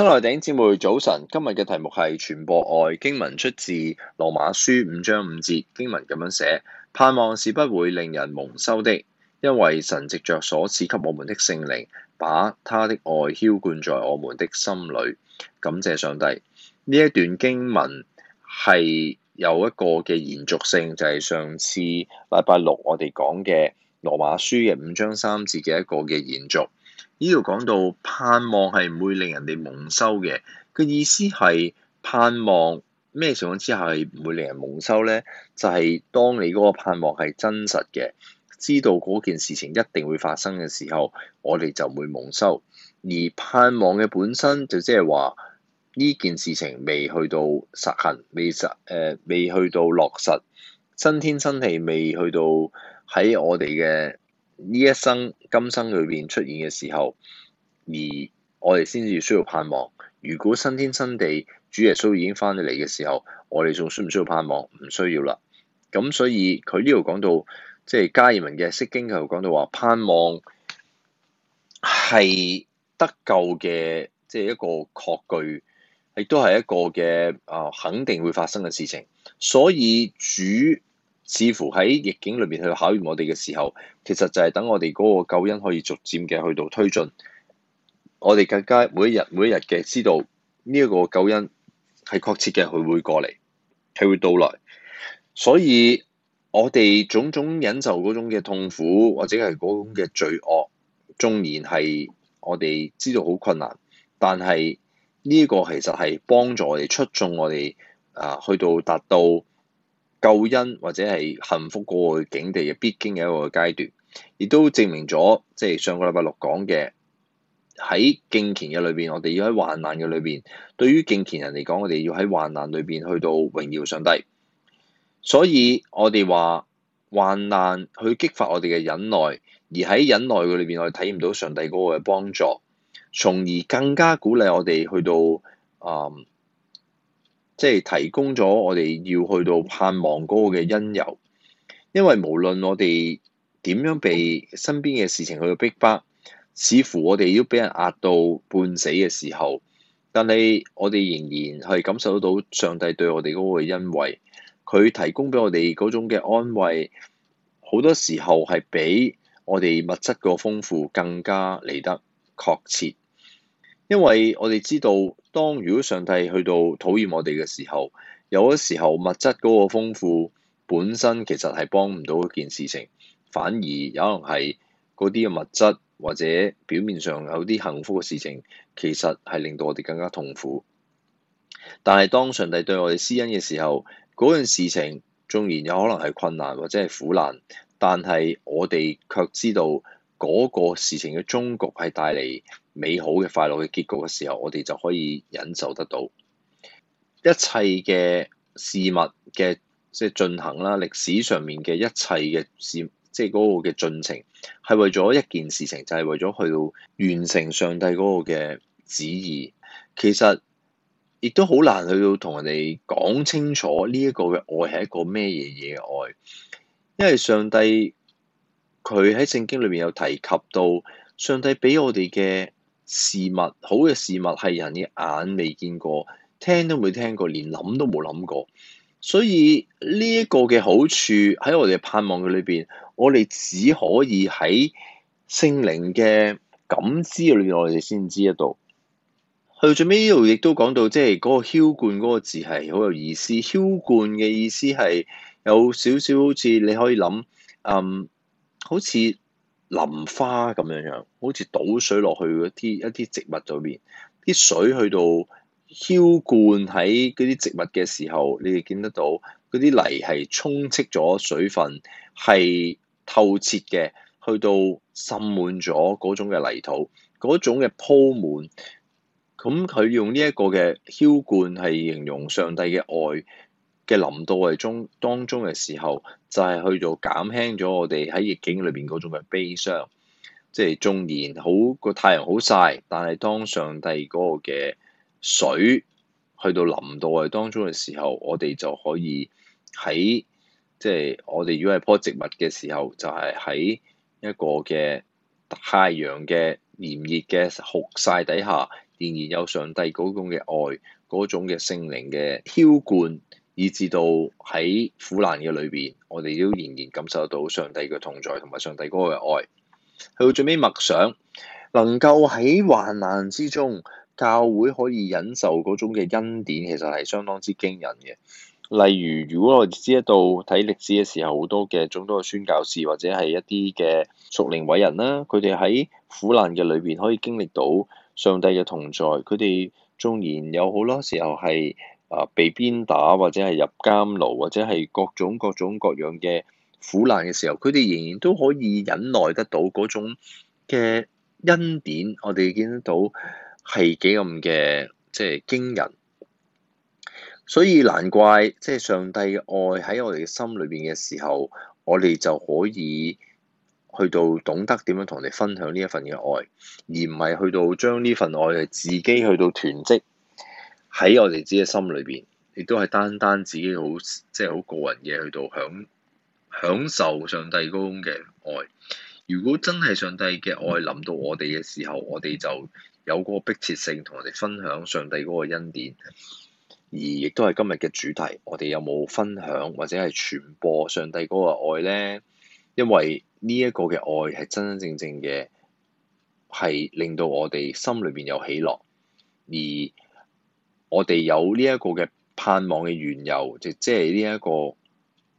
新來頂姊妹早晨，今日嘅題目係傳播愛，經文出自羅馬書五章五節。經文咁樣寫：盼望是不會令人蒙羞的，因為神藉着所賜給我們的聖靈，把他的愛澆灌在我們的心裏。感謝上帝。呢一段經文係有一個嘅延續性，就係、是、上次禮拜六我哋講嘅羅馬書嘅五章三節嘅一個嘅延續。呢度講到盼望係唔會令人哋蒙羞嘅，個意思係盼望咩情況之下係唔會令人蒙羞呢？就係、是、當你嗰個盼望係真實嘅，知道嗰件事情一定會發生嘅時候，我哋就唔會蒙羞。而盼望嘅本身就即係話，呢件事情未去到實行，未實誒、呃，未去到落實，新天新地未去到喺我哋嘅。呢一生今生裏邊出現嘅時候，而我哋先至需要盼望。如果新天新地，主耶穌已經翻咗嚟嘅時候，我哋仲需唔需要盼望？唔需要啦。咁所以佢呢度講到，即係加爾文嘅《釋經》，佢又講到話盼望係得救嘅，即係一個確據，亦都係一個嘅啊肯定會發生嘅事情。所以主，似乎喺逆境裏面去考驗我哋嘅時候，其實就係等我哋嗰個救恩可以逐漸嘅去到推進。我哋更加每一日每一日嘅知道呢一個救恩係確切嘅，佢會過嚟，係會到來。所以，我哋種種忍受嗰種嘅痛苦或者係嗰種嘅罪惡，縱然係我哋知道好困難，但係呢一個其實，係幫助我哋出眾，我哋啊，去到達到。救恩或者係幸福過境地嘅必經嘅一個階段，亦都證明咗，即係上個禮拜六講嘅喺敬虔嘅裏邊，我哋要喺患難嘅裏邊，對於敬虔人嚟講，我哋要喺患難裏邊去到榮耀上帝。所以我哋話患難去激發我哋嘅忍耐，而喺忍耐嘅裏邊，我哋體驗到上帝嗰個嘅幫助，從而更加鼓勵我哋去到啊。嗯即係提供咗我哋要去到盼望嗰個嘅因由，因為無論我哋點樣被身邊嘅事情去到逼迫，似乎我哋都俾人壓到半死嘅時候，但係我哋仍然係感受到上帝對我哋嗰個嘅恩惠，佢提供俾我哋嗰種嘅安慰，好多時候係比我哋物質個豐富更加嚟得確切。因為我哋知道，當如果上帝去到討厭我哋嘅時候，有嘅時候物質嗰個豐富本身其實係幫唔到嗰件事情，反而有可能係嗰啲嘅物質或者表面上有啲幸福嘅事情，其實係令到我哋更加痛苦。但係當上帝對我哋施恩嘅時候，嗰件事情縱然有可能係困難或者係苦難，但係我哋卻知道。嗰個事情嘅終局係帶嚟美好嘅快樂嘅結局嘅時候，我哋就可以忍受得到一切嘅事物嘅即係進行啦。歷史上面嘅一切嘅事，即係嗰個嘅進程，係為咗一件事情，就係為咗去到完成上帝嗰個嘅旨意。其實亦都好難去到同人哋講清楚呢一個嘅愛係一個咩嘢嘢嘅愛，因為上帝。佢喺聖經裏面有提及到上帝俾我哋嘅事物，好嘅事物係人嘅眼未見過，聽都未聽過，連諗都冇諗過。所以呢一個嘅好處喺我哋盼望佢裏邊，我哋只可以喺聖靈嘅感知裏面，我哋先知得到。去最尾呢度亦都講到，即係嗰個澆灌嗰個字係好有意思。澆灌嘅意思係有少少好似你可以諗，嗯。好似淋花咁樣樣，好似倒水落去啲一啲植物裏面。啲水去到澆灌喺嗰啲植物嘅時候，你哋見得到嗰啲泥係充斥咗水分，係透徹嘅，去到滲滿咗嗰種嘅泥土，嗰種嘅鋪滿。咁佢用呢一個嘅澆灌係形容上帝嘅愛。嘅淋到嚟中當中嘅時候，就係、是、去到減輕咗我哋喺逆境裏邊嗰種嘅悲傷，即係縱然好個太陽好曬，但係當上帝嗰個嘅水去到淋到嚟當中嘅時候，我哋就可以喺即係我哋如果係棵植物嘅時候，就係、是、喺一個嘅太陽嘅炎熱嘅酷曬底下，仍然有上帝嗰種嘅愛嗰種嘅聖靈嘅澆灌。以至到喺苦難嘅裏邊，我哋都仍然感受到上帝嘅同在同埋上帝嗰個嘅愛。去到最尾默想，能夠喺患難之中，教會可以忍受嗰種嘅恩典，其實，係相當之驚人嘅。例如，如果我哋知得到睇歷史嘅時候，好多嘅眾多嘅宣教士或者係一啲嘅屬靈偉人啦，佢哋喺苦難嘅裏邊可以經歷到上帝嘅同在，佢哋縱然有好多時候係。啊！被鞭打或者係入監牢或者係各種各種各樣嘅苦難嘅時候，佢哋仍然都可以忍耐得到嗰種嘅恩典。我哋見得到係幾咁嘅，即係驚人。所以難怪即係上帝嘅愛喺我哋嘅心裏邊嘅時候，我哋就可以去到懂得點樣同你分享呢一份嘅愛，而唔係去到將呢份愛自己去到囤積。喺我哋自己嘅心裏邊，亦都係單單自己好即係好個人嘅去到享享受上帝嗰種嘅愛。如果真係上帝嘅愛臨到我哋嘅時候，我哋就有個迫切性同人哋分享上帝嗰個恩典。而亦都係今日嘅主題，我哋有冇分享或者係傳播上帝嗰個愛咧？因為呢一個嘅愛係真真正正嘅，係令到我哋心裏邊有喜樂，而。我哋有呢一個嘅盼望嘅緣由，就即係呢一個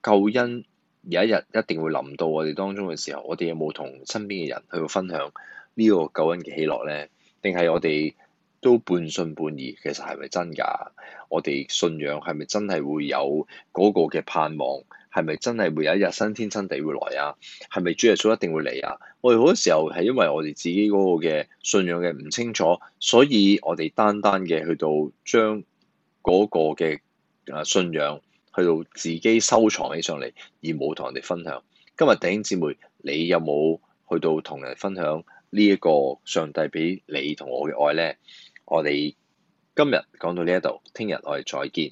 救恩有一日一定會臨到我哋當中嘅時候，我哋有冇同身邊嘅人去分享呢個救恩嘅喜樂呢？定係我哋都半信半疑，其實係咪真㗎？我哋信仰係咪真係會有嗰個嘅盼望？係咪真係會有一日新天新地會來啊？係咪主耶穌一定會嚟啊？我哋好多時候係因為我哋自己嗰個嘅信仰嘅唔清楚，所以我哋單單嘅去到將嗰個嘅信仰去到自己收藏起上嚟，而冇同人哋分享。今日弟兄姊妹，你有冇去到同人分享呢一個上帝俾你同我嘅愛咧？我哋今日講到呢一度，聽日我哋再見。